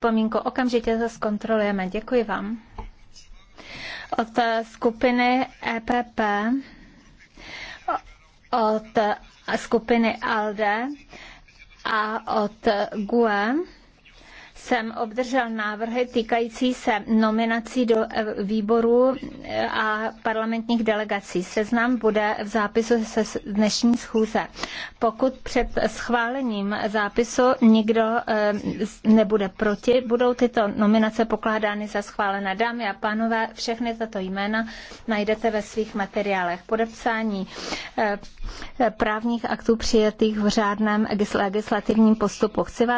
Pomínku okamžitě to zkontrolujeme. Děkuji vám. Od skupiny EPP, od skupiny ALDE a od GUE jsem obdržel návrhy týkající se nominací do eh, výborů eh, a parlamentních delegací. Seznam bude v zápisu se dnešní schůze. Pokud před schválením zápisu nikdo eh, nebude proti, budou tyto nominace pokládány za schválené. Dámy a pánové, všechny tato jména najdete ve svých materiálech. Podepsání právních aktů přijatých v řádném legislativním postupu. Chci vás